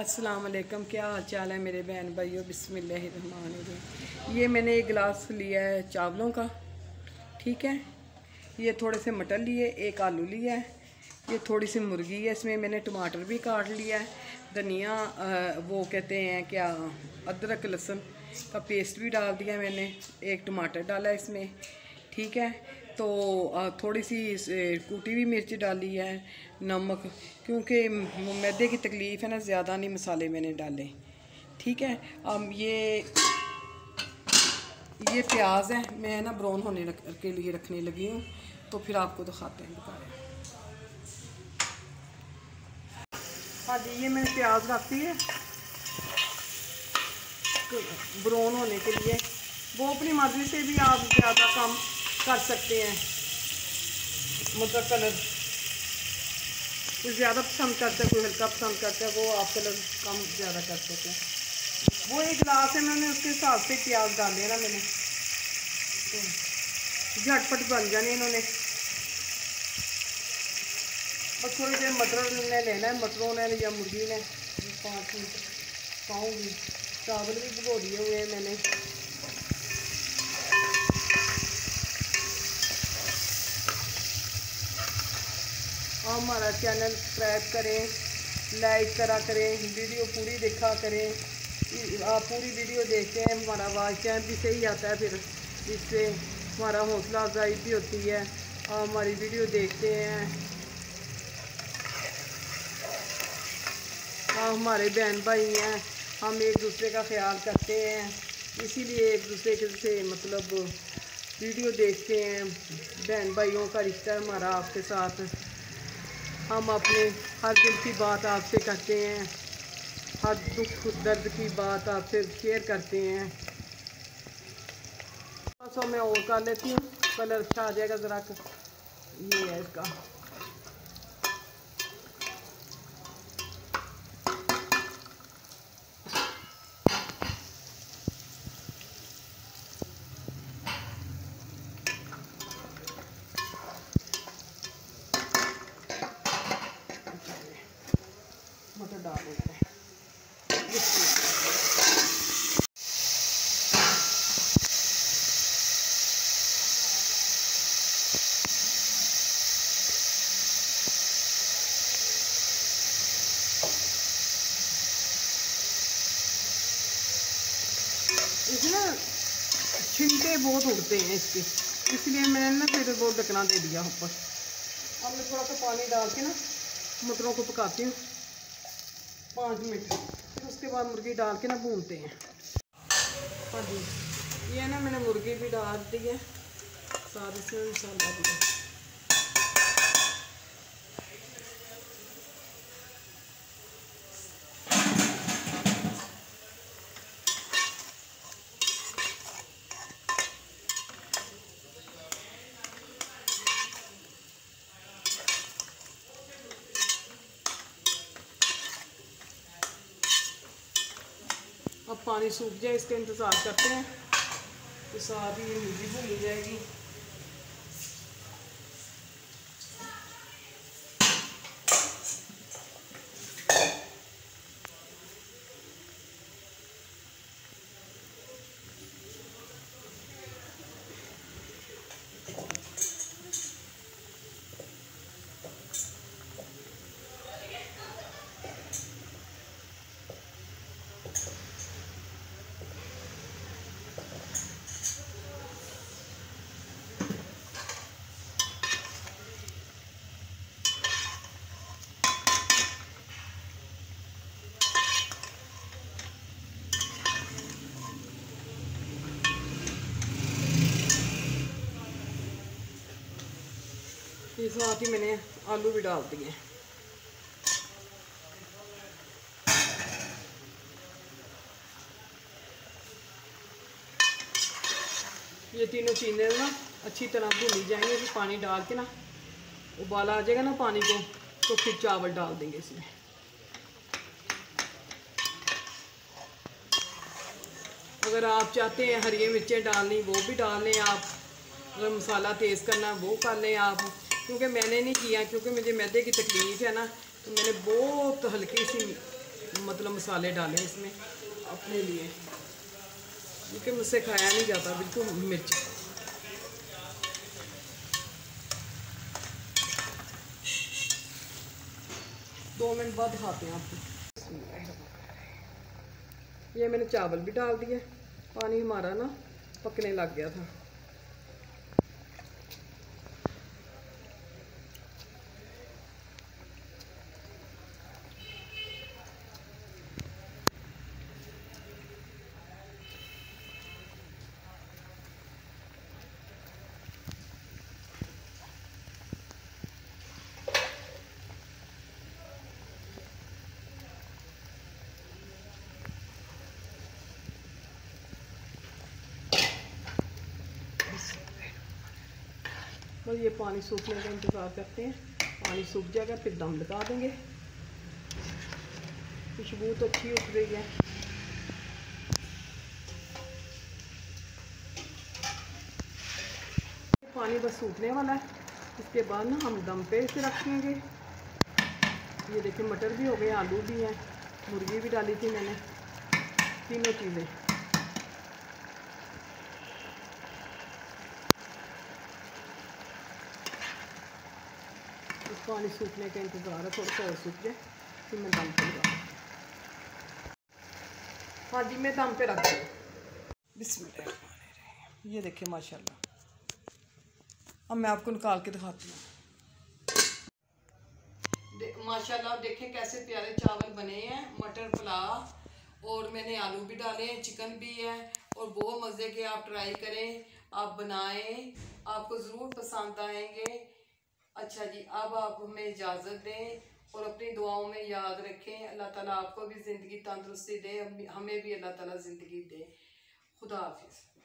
अस्सलाम वालेकुम क्या हाल चाल है मेरे बहन भाइयों बिस्मिल्लाहिर्रहमानिर्रहीम ये मैंने एक गिलास लिया है चावलों का ठीक है ये थोड़े से मटर लिए एक आलू लिया है ये थोड़ी सी मुर्गी है इसमें मैंने टमाटर भी काट लिया है धनिया वो कहते हैं क्या अदरक लहसुन का पेस्ट भी डाल दिया मैंने एक टमाटर डाला इसमें ठीक है तो थोड़ी सी कूटी हुई मिर्च डाली है नमक क्योंकि मैदे की तकलीफ़ है ना ज़्यादा नहीं मसाले मैंने डाले ठीक है अब ये ये प्याज है मैं ना ब्राउन होने रख, के लिए रखने लगी हूँ तो फिर आपको दिखाते हैं बताया हाँ जी ये मैंने प्याज रखती है ब्राउन होने के लिए वो अपनी मर्ज़ी से भी आप ज़्यादा कम कर सकते हैं मतलब कलर कुछ ज़्यादा पसंद करते हैं कोई हल्का पसंद करते हैं वो आप कलर कम ज़्यादा कर सकते हैं वो एक गिलास है मैंने उसके हिसाब से प्याज डाले ना मैंने हम्म। झटपट बन जाने इन्होंने बस थोड़ी देर मटर ने लेना है मटरों ने या मुर्गी ने पाँच मिनट पाऊँगी चावल भी भगो दिए हुए हैं मैंने हमारा चैनल सब्सक्राइब करें लाइक करा करें वीडियो पूरी देखा करें आप पूरी वीडियो देखते हैं हमारा आवाज़ टाइम भी सही आता है फिर इससे हमारा हौसला अफजाई भी होती है आप हमारी वीडियो देखते हैं आप हमारे बहन भाई हैं हम एक दूसरे का ख्याल करते हैं इसीलिए एक दूसरे के से मतलब वीडियो देखते हैं बहन भाइयों का रिश्ता हमारा आपके साथ हम अपने हर दिल की बात आपसे करते हैं हर दुख दर्द की बात आपसे शेयर करते हैं बस मैं और कर लेती हूँ कलर अच्छा आ जाएगा ज़रा ये है इसका क्या बोलते हैं छिलके बहुत उड़ते हैं इसके इसलिए मैंने ना फिर वो ढकना दे दिया ऊपर अब मैं थोड़ा सा पानी डाल के ना मटरों को पकाती हूँ पाँच मिनट फिर उसके बाद मुर्गी डाल के ना भूनते हैं हाँ जी ये ना मैंने मुर्गी भी डाल दी है साथ इसमें मसाला दिया पानी सूख जाए इसका इंतज़ार करते हैं तो सारी ये मूली भूल जाएगी फिर साथ ही मैंने आलू भी डाल दिए ये तीनों चीज़ें ना अच्छी तरह भूनी जाएंगे फिर पानी डाल के ना उबाला आ जाएगा ना पानी को तो फिर चावल डाल देंगे इसमें अगर आप चाहते हैं हरी मिर्चें डालनी वो भी डाल लें आप अगर मसाला तेज़ करना वो कर लें आप क्योंकि मैंने नहीं किया क्योंकि मुझे मैदे की तकलीफ है ना तो मैंने बहुत हल्की सी मतलब मसाले डाले इसमें अपने लिए क्योंकि मुझसे खाया नहीं जाता बिल्कुल मिर्च दो मिनट बाद खाते हैं आपको ये मैंने चावल भी डाल दिए पानी हमारा ना पकने लग गया था बस ये पानी सूखने का इंतज़ार करते हैं पानी सूख जाएगा फिर दम लगा देंगे खुशबू तो अच्छी उठ रही है पानी बस सूखने वाला है इसके बाद ना हम दम पे इसे रखेंगे ये देखिए मटर भी हो गए आलू भी हैं मुर्गी भी डाली थी मैंने तीनों चीज़ें पानी सूखने का इंतज़ार है थोड़ा सा सूख जाए फिर मैं दम पर लगा हाँ जी मैं दम पे रख दूँ बिस्मिल्लाह ये देखिए माशाल्लाह अब मैं आपको निकाल के दिखाती हूँ दे, माशाल्लाह देखें कैसे प्यारे चावल बने हैं मटर पुलाव और मैंने आलू भी डाले हैं चिकन भी है और बहुत मज़े के आप ट्राई करें आप बनाएं आपको ज़रूर पसंद आएंगे अच्छा जी अब आप हमें इजाज़त दें और अपनी दुआओं में याद रखें अल्लाह ताला आपको भी ज़िंदगी तंदरुस्ती दे हमें भी अल्लाह ताला ज़िंदगी दे खुदा हाफिज़